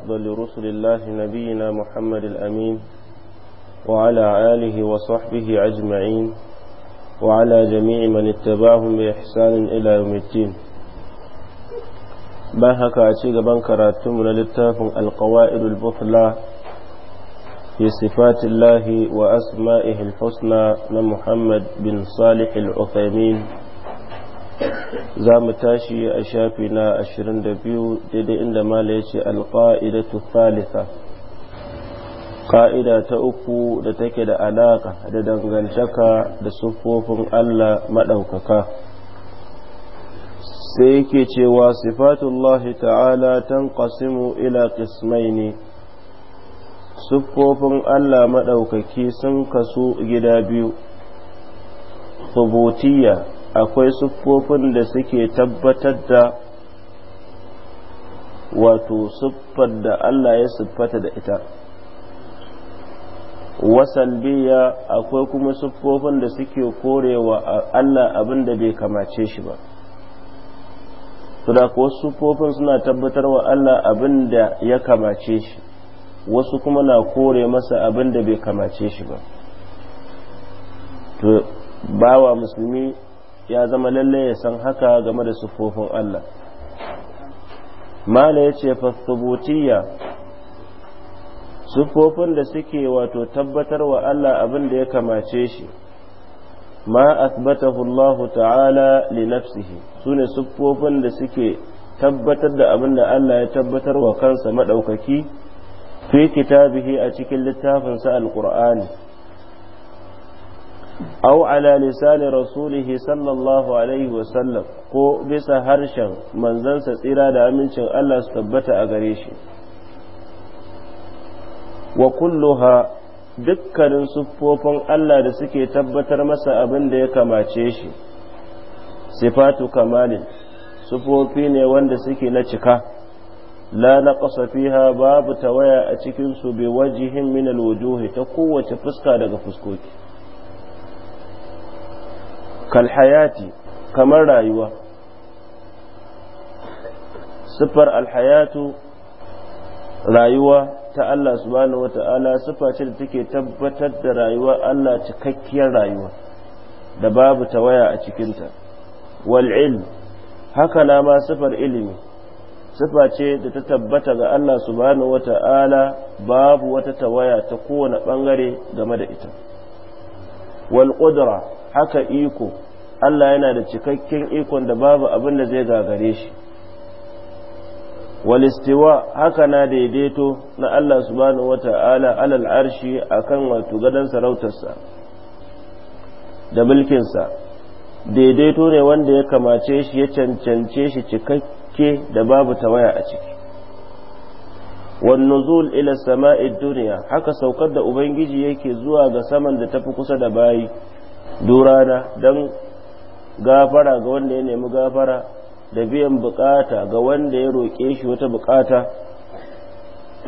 أفضل رسل الله نبينا محمد الأمين وعلى آله وصحبه أجمعين وعلى جميع من اتبعهم بإحسان إلى يوم الدين باهك أشيق بنكراتم للتاف القوائد البطلة في صفات الله وأسمائه الحسنى من محمد بن صالح العثيمين za mu tashi a shafi na 22 daidai inda mala yace ce alƙa'idatu Salisa. ƙa'ida ta uku da take da alaƙa da dangantaka da siffofin Allah maɗaukaka sai yake cewa sifatullahi ta'ala ƙasimu ila ƙismai ne. siffofin Allah maɗaukaki sun kasu gida biyu subutiyya akwai siffofin da suke tabbatar da wato siffar da Allah ya siffata da ita wasalbiya akwai kuma siffofin da suke korewa Allah abin da bai kamace shi ba ko wasu siffofin suna tabbatar wa Allah abin da ya kamace shi wasu kuma na kore masa abin da bai kamace shi ba to bawa musulmi ya zama lalle ya san haka game da sufofin Allah mala ya ce fasubutiya sufofin da suke wato tabbatar wa Allah abin da ya kamace shi ma asbatahu Allah ta'ala li nafsihi sune sufofin da suke tabbatar da abin da Allah ya tabbatar wa kansa madaukaki fi kitabihi a cikin littafinsa alqur'ani Au على لسان rasulihi صلى الله عليه وسلم ko bisa harshen manzansa tsira da amincin Allah su tabbata a gare shi wa kulluha dukkanin siffofin Allah da suke tabbatar masa abin da ya kamace shi sifatu kamalin siffofi ne wanda suke na cika la naqsa fiha babu tawaya a cikin su bi wajihin min alwujuhi ta kowace fuska daga fuskoki kalhayati kamar rayuwa siffar alhayatu rayuwa ta Allah subhanahu wata'ala siffa ce da take tabbatar da rayuwa Allah cikakkiyar rayuwa da babu tawaya a cikinta wal haka na ma siffar ilimi siffa ce da ta tabbata ga Allah subhanahu wata'ala babu wata tawaya ta kowane bangare game da ita wal haka iko Allah yana da cikakken ikon da babu abin da zai gagare shi wal haka na daidaito na Allah subhanahu wata'ala alal arshi akan wato gadon sarautarsa da mulkinsa daidaito ne wanda ya kamace shi ya cancance shi cikakke da babu tawaya a ciki wan nuzul ila sama'i dunya haka saukar da ubangiji yake zuwa ga saman da tafi kusa da bayi durana dan gafara ga wanda ya nemi gafara da biyan bukata ga wanda ya roƙe shi wata bukata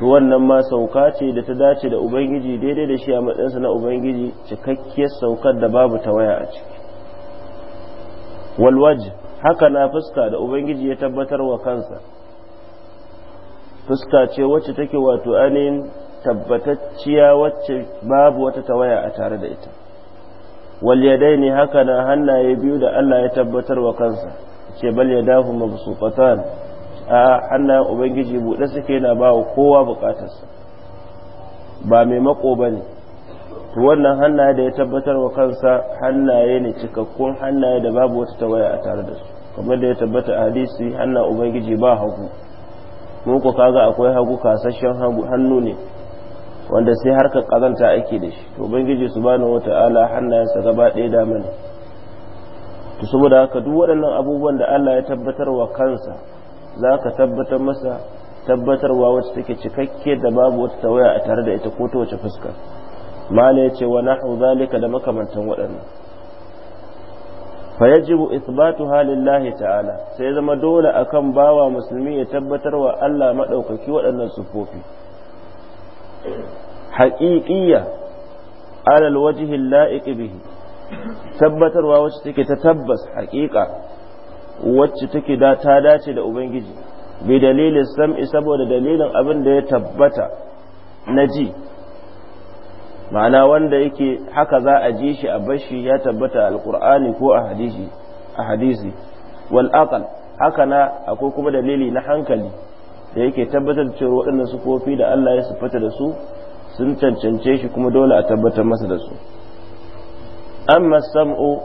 to wannan ma sauka ce da ta dace da ubangiji daidai da shi a matsayinsa na ubangiji cikakkiyar saukar da babu ta waya a ciki walwaj haka na fuska da ubangiji ya tabbatar wa kansa fuska ce wacce take wato ainihin tabbatacciya wacce babu wata tawaya a tare da ita wal yadaini haka na hannaye biyu da Allah ya tabbatar wa kansa ce bal yadahu mabsuqatan a hannayen ubangiji buɗe suke na ba wa kowa bukatarsa ba mai mako bane to wannan hannaye da ya tabbatar wa kansa hannaye ne cikakkun hannaye da babu wata tawaya a tare da su kamar da ya tabbata a hadisi hannayen ubangiji ba hagu mu ko kaga akwai hagu kasashen hannu ne wanda sai harka kazanta ake da shi to ubangiji subhanahu wata'ala hannayensa gaba ɗaya da ne. to saboda haka duk waɗannan abubuwan da Allah ya tabbatar wa kansa za ka tabbatar masa tabbatarwa wacce take cikakke da babu wata tawaya a tare da ita ko ta wace fuska mala ya ce wa nahu zalika da makamantan waɗannan fa ya jibu isbatu halin lahi ta'ala sai zama dole akan bawa musulmi ya tabbatar wa Allah maɗaukaki waɗannan sufofi haqiqiyya alal alwajhi alla'iq tabbatarwa wacce take ta tabbas haƙiƙa wacce take da ta dace da ubangiji bai dalilin sam'i saboda dalilin abin da ya tabbata na ji ma'ana wanda yake haka za a ji shi a bashi ya tabbata alkur'ani ko a hadisi a hadisi wal aqal haka na akwai kuma dalili na hankali da yake tabbatar da cewa waɗannan sukofi da Allah ya siffata da su sun cancance shi kuma dole a tabbatar masa da su amma sam'u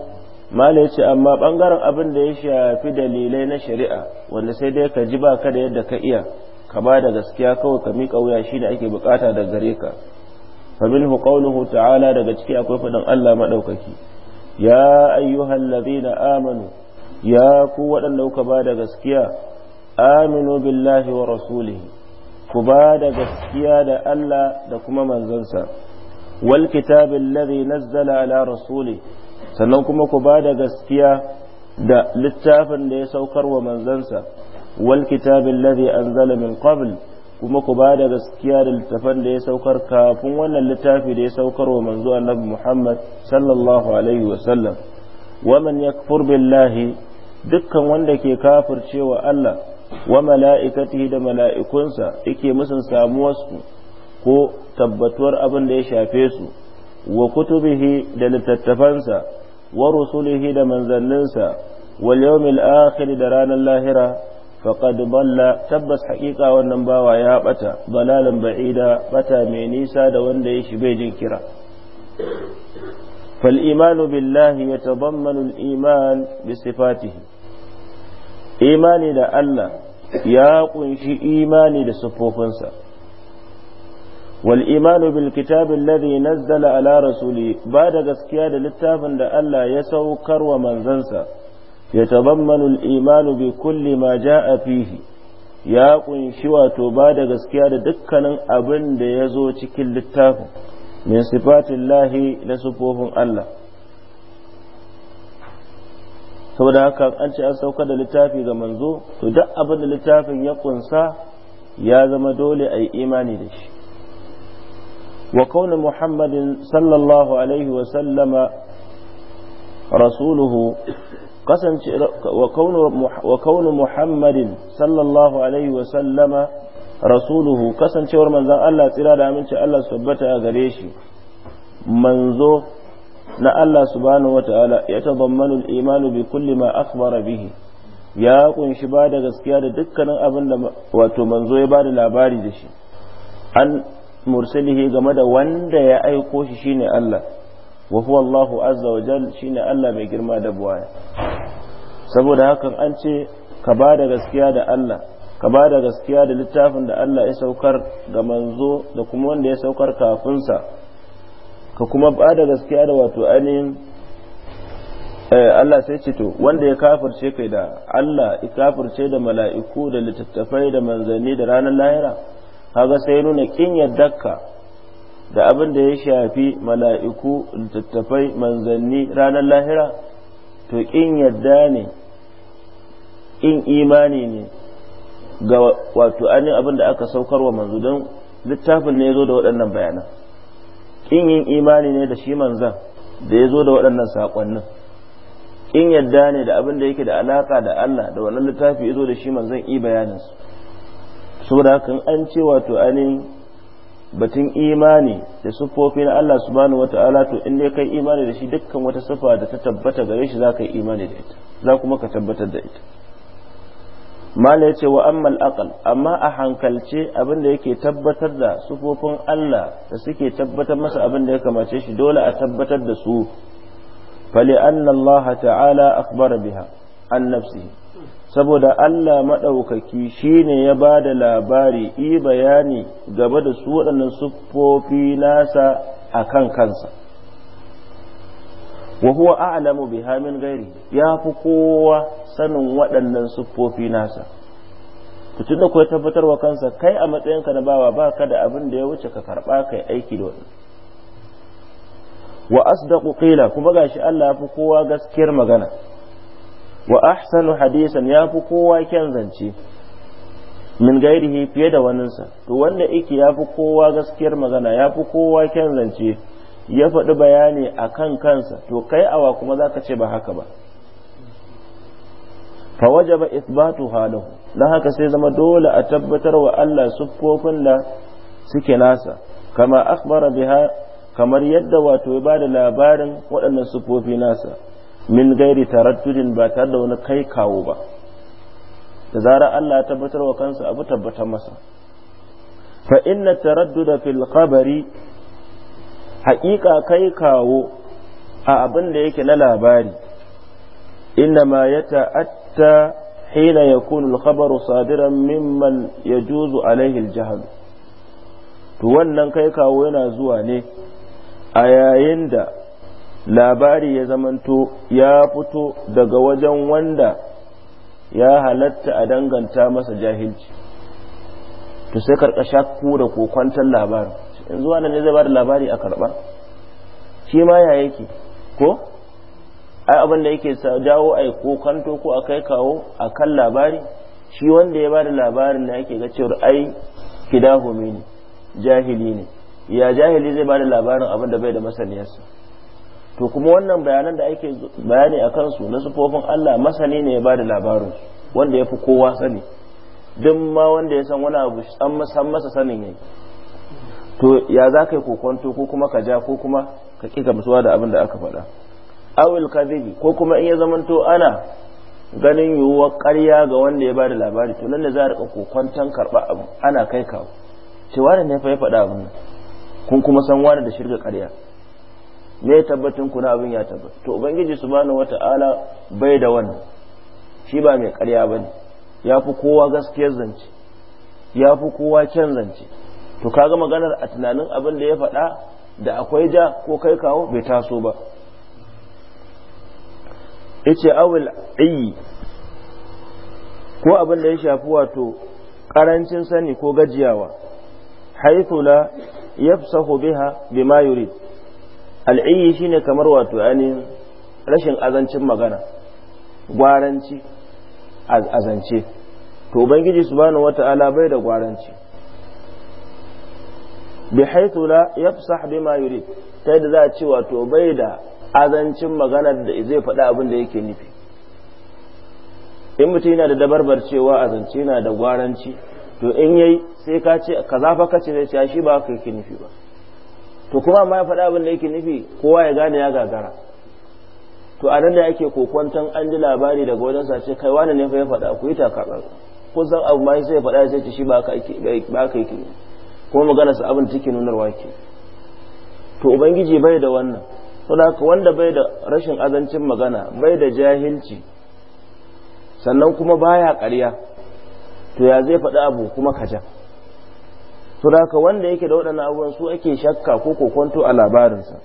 mala yace amma ɓangaren abin da ya shafi dalilai na shari'a wanda sai dai ka ji baka da yadda ka iya ka ba da gaskiya kawai ka miƙa wuya shine ake bukata da gare ka فمنه قوله تعالى دغتكي أكوي فدن الله ما دوككي يا أيها الذين آمنوا يا قوة لو كباد غسكيا آمنوا بالله ورسوله كباد غسكيا دا الله دا كما منزنسا والكتاب الذي نزل على رسوله sannan kuma ku ba da gaskiya da littafin da ya saukar wa manzansa wal kitabin ladhi anzala min qabl kuma ku ba da gaskiya da littafan da ya saukar kafin wannan littafi da ya saukar wa manzo annabi Muhammad sallallahu alaihi wa sallam waman yakfur billahi dukkan wanda ke kafircewa Allah wa mala'ikatihi da mala'ikunsa yake musun su ko tabbatuwar abin da ya shafe su wa kutubihi da littattafansa wa rusulihi da manzanninsa wal yawmil akhir da ranar lahira faqad balla tabbas haƙiƙa wannan bawa ya bata balalan ba'ida bata mai nisa da wanda ya shi bai jin kira fal imanu billahi yatadammanu al iman bi sifatihi imani da Allah ya kunshi imani da siffofinsa wal imanu bil kitabi alladhi nazzala ala rasuli ba da gaskiya da littafin da Allah ya saukar wa manzansa يتضمن الإيمان بكل ما جاء فيه ya kunshi wato ba da gaskiya da dukkanin abin da ya zo cikin littafin min sifatin lahi na sufofin Allah saboda haka an ce an sauka da littafi ga manzo to duk abin da littafin ya kunsa ya zama dole ayi imani da shi wa kauna muhammadin sallallahu alaihi wasallama rasuluhu kasance wa kaunu muhammadin sallallahu alaihi wa sallama rasuluhu kasancewar manzon Allah tsira da aminci Allah su tabbata a gare shi manzo na Allah subhanahu wa ta'ala ya tadammanu al-imanu bi kulli ma akhbara bihi ya kunshi ba da gaskiya da dukkanin abin da wato manzo ya ba da labari da shi an mursalihi game da wanda ya aiko shi shine Allah wa huwa Allahu azza wa jal shine Allah mai girma da buwaya saboda hakan an ce ka ba da gaskiya da Allah ka ba da gaskiya da littafin da Allah ya saukar ga manzo da kuma wanda ya saukar sa ka kuma ba da gaskiya da wato ainihin eh, Allah sai ce to wanda ya kafirce kai da Allah ya kafirce da mala'iku da littattafai da manzanni da ranar lahira kaga sai nuna kin yaddarka da abin da ya shafi mala'iku littattafai manzanni ranar lahira to ƙin yadda ne ƙin imani ne ga wato ainihin abin da aka saukarwa manzo don littafin ne ya zo da waɗannan bayanan ƙin yin imani ne da shi manzan da ya zo da waɗannan saƙonnin ƙin yadda ne da abin da yake da alaƙa da Allah da wannan littafi ya zo da shi manzan i bayaninsu saboda hakan an ce wato ainihin batun imani da siffofi na Allah subhanahu wata'ala to in ya kai imani da shi dukkan wata siffa da ta tabbata gare shi za ka yi imani da ita za kuma ka tabbatar da ita mala ya ce wa ammal amma a hankalce abin da yake tabbatar da sufofin Allah da suke tabbatar masa abin da ya kamace shi dole a tabbatar da su fali anna Allah ta'ala akhbara biha an nafsi saboda Allah maɗaukaki shine ya ba da labari i bayani gaba da su waɗannan siffofi nasa a kan kansa wa huwa a'lamu biha min ghairi ya fi kowa sanin waɗannan siffofi nasa to da ko tabbatarwa kansa kai a matsayinka na bawa baka da abin da ya wuce ka karba kai aiki da wani wa asdaqu qila kuma gashi Allah ya fi kowa gaskiyar magana wa ahsanu hadisan ya fi kowa kyan zance min gairihi fiye da waninsa to wanda iki ya fi kowa gaskiyar magana ya fi kowa kyan zance ya faɗi bayani a kan kansa to kai awa kuma za ka ce ba haka ba fa ba isbatu halahu na haka sai zama dole a tabbatar wa Allah siffofin da suke nasa kama akhbara biha kamar yadda wato ya bada labarin waɗannan sufofi nasa min gairi taraddudin ba tare da wani kai kawo ba da zarar Allah ya tabbatar wa kansa abu tabbatar masa fa inna taradduda fil khabari haƙiƙa kai kawo a abin da yake na labari inna ma ya ta'atta hina yakunu al-khabaru sadiran mimman yajuzu alaihi al-jahl to wannan kai kawo yana zuwa ne a yayin da labari ya zamanto ya fito daga wajen wanda ya halatta a danganta masa jahilci to sai karka shakku da kokwantar labarin in zuwa nan ne zai ba da labari a karba shi ma ya yake ko ai abin da yake jawo ai kanto ko a kai kawo a kan labari shi wanda ya ba da labarin da yake ga cewar ai kidahumi ne jahili ne ya jahili zai ba da labarin abin da bai da masaniyarsa to kuma wannan bayanan da ake bayani a kansu na sufofin Allah masani ne ya ba da labarin wanda ya fi kowa sani duk ma wanda ya san wani abu san masa sanin yayi to ya za ka yi kokonto ko kuma ka ja ko kuma ka ƙi gamsuwa da abin da aka faɗa awil kadhibi ko kuma in ya zamanto ana ganin yiwuwar ƙarya ga wanda ya ba da labari to da za a rika kokonton karɓa abu ana kai kawo cewa da ne fa ya faɗa abin kun kuma san wani da shirga ƙarya me tabbatin kuna abin ya tabbata to ubangiji subhanahu wata'ala bai da wannan shi ba mai ƙarya bane ya fi kowa gaskiyar zance ya fi kowa kyan zance to kaga maganar a tunanin abin da ya faɗa da akwai ja ko kai kawo bai taso ba ice awul iyi ko abin da ya shafi wato karancin sani ko gajiyawa haifula la yafsahu biha bima yurid al'iyi shine kamar wato ainihin rashin azancin magana gwaranci azance to ubangiji subhanahu wata'ala bai da gwaranci bi haythu la yafsah bima yurid ta yadda za a ce wato bai da azancin magana da zai faɗi abin da yake nufi in mutum yana da dabarbar cewa azance yana da gwaranci to in yayi sai ka ce kaza fa kace sai shi ba ka yake nufi ba to kuma ma ya faɗa abin da yake nufi kowa ya gane ya gagara to a nan da yake kokwantan an ji labari daga wajen sa ce kai wani ne fa ya faɗa ku yi takarar ko san abu ma sai ya faɗa sai ci shi ba ka yake kuma magana su abin cikin nunarwa ke to ubangiji bai da wannan saboda wanda bai da rashin azancin magana bai da jahilci sannan kuma baya ƙarya to ya zai faɗi abu kuma kaja su wanda yake da waɗannan abubuwan su ake shakka ko kokonto a labarinsa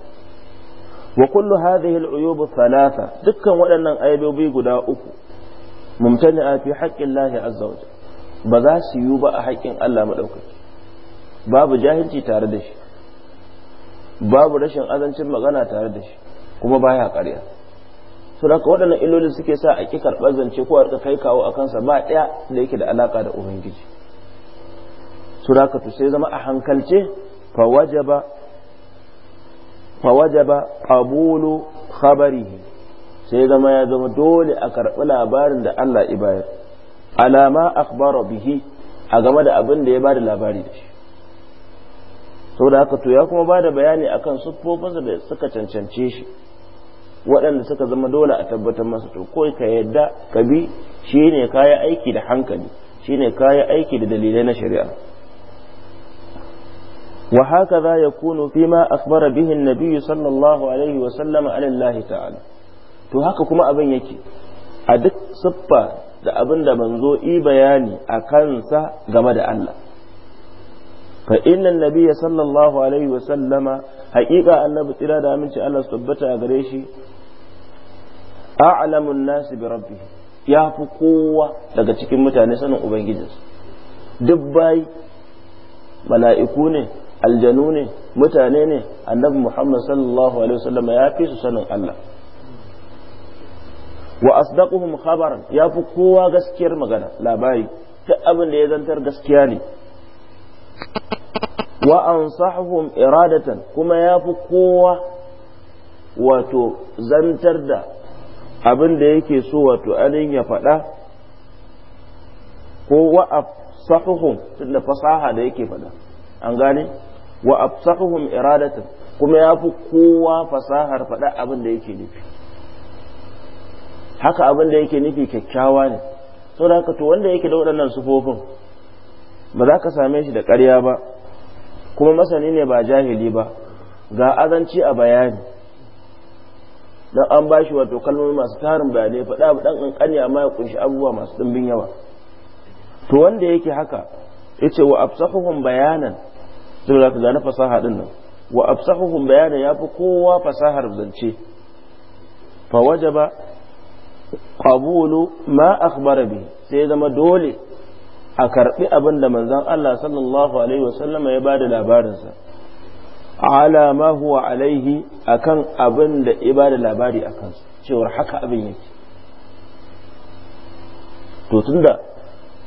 wa kullu hadhihi al-uyub thalatha dukkan waɗannan ayyobi guda uku mumtani'a fi Allah azza wa ba za su yiwu ba a haƙƙin Allah madaukaki babu jahilci tare da shi babu rashin azancin magana tare da shi kuma baya ƙarya su waɗannan illolin suke sa a ƙi karɓar zance ko a kai kawo a kansa ba ɗaya da yake da alaƙa da ubangiji surakatu sai zama a hankalce fawajaba wajaba qabulu khabarihi sai zama ya zama dole a karɓi labarin da Allah ya bayar alama akhbara bihi a game da abin da ya bada labari da shi saboda haka to ya kuma bada bayani akan siffofinsa da suka cancance shi waɗanda suka zama dole a tabbatar masa to ko ka yadda ka bi shine kayi aiki da hankali shine kayi aiki da dalilai na shari'a وهكذا يكون فيما أخبر به النبي صلى الله عليه وسلم على الله تعالى to haka kuma abin yake a duk siffa da abin da manzo yi bayani a kansa game da Allah fa innan nabiyya sallallahu alaihi wa sallama haƙiƙa annabi tsira da aminci Allah su tabbata a gare shi a'lamun nasi bi rabbi ya fi kowa daga cikin mutane sanin ubangijinsa duk bai mala'iku ne aljanu ne mutane ne annabi muhammad sallallahu alaihi wasallam ya fi su sanin Allah wa asdaquhum khabaran ya fi kowa gaskiyar magana labari duk abin da ya zantar gaskiya ne wa ansahuhum iradatan kuma ya fi kowa wato zantar da abin da yake so wato alin ya faɗa ko wa afsahuhum tunda fasaha da yake faɗa an gane wa absaqahum iradatan kuma ya fi kowa fasahar faɗa abin da yake nufi haka abin da yake nufi kyakkyawa ne saboda haka to wanda yake da waɗannan sufofin ba za ka same shi da ƙarya ba kuma masani ne ba jahili ba ga azanci a bayani dan an ba shi wato kalmomi masu tarin bayanai faɗa ba ɗan ƙanƙani amma ya kunshi abubuwa masu ɗimbin yawa to wanda yake haka yace wa absahuhum bayanan saboda ka gane fasaha din nan wa absahuhum bayana fi kowa fasahar zance fa wajaba qabulu ma akhbara bi sai zama dole a karbi abin da manzon Allah sallallahu alaihi wasallama ya bada labarinsa ala ma huwa alaihi akan abin da ya bada labari akan cewar haka abin yake to tunda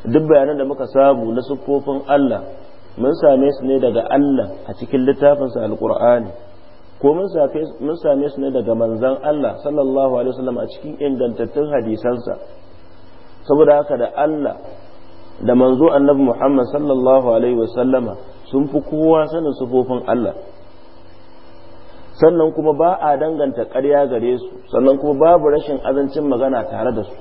duk bayanan da muka samu na siffofin Allah mun same su ne daga Allah a cikin littafinsa alqur'ani ko mun same su ne daga manzan Allah sallallahu alaihi wasallam a cikin ingantattun hadisansa saboda haka da Allah da manzo annabi Muhammad sallallahu alaihi wasallama sun fi kowa sanin sufofin Allah sannan kuma ba a danganta ƙarya gare su sannan kuma babu rashin azancin magana tare da su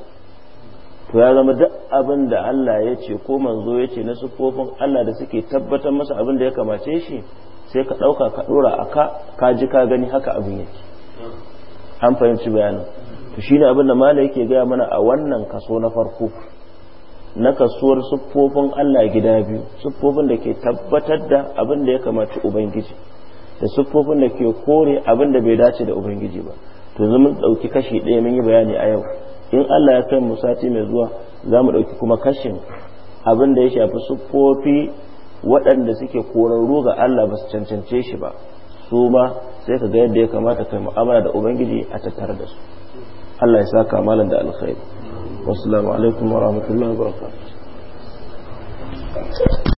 to ya zama duk abin da Allah ya ce ko manzo ya ce na sufofin Allah da suke tabbatar masa abin da ya kamace shi sai ka ɗauka ka ɗora a ka ka ji ka gani haka abin yake an fahimci bayanin to shi ne abin da mala yake gaya mana a wannan kaso na farko na kasuwar siffofin Allah gida biyu siffofin da ke tabbatar da abin da ya kamace ubangiji da siffofin da ke kore abin da bai dace da ubangiji ba to zama ɗauki kashi ɗaya mun yi bayani a yau in Allah ya kai mu sati mai zuwa za mu ɗauki kuma kashin abin da ya shafi siffofi waɗanda suke korarru ga Allah ba su cancance shi ba su ma sai ka ga yadda ya kamata kai mu'amala da ubangiji a tattare da su Allah ya saka malam da alkhairi wassalamu alaikum wa rahmatullahi wa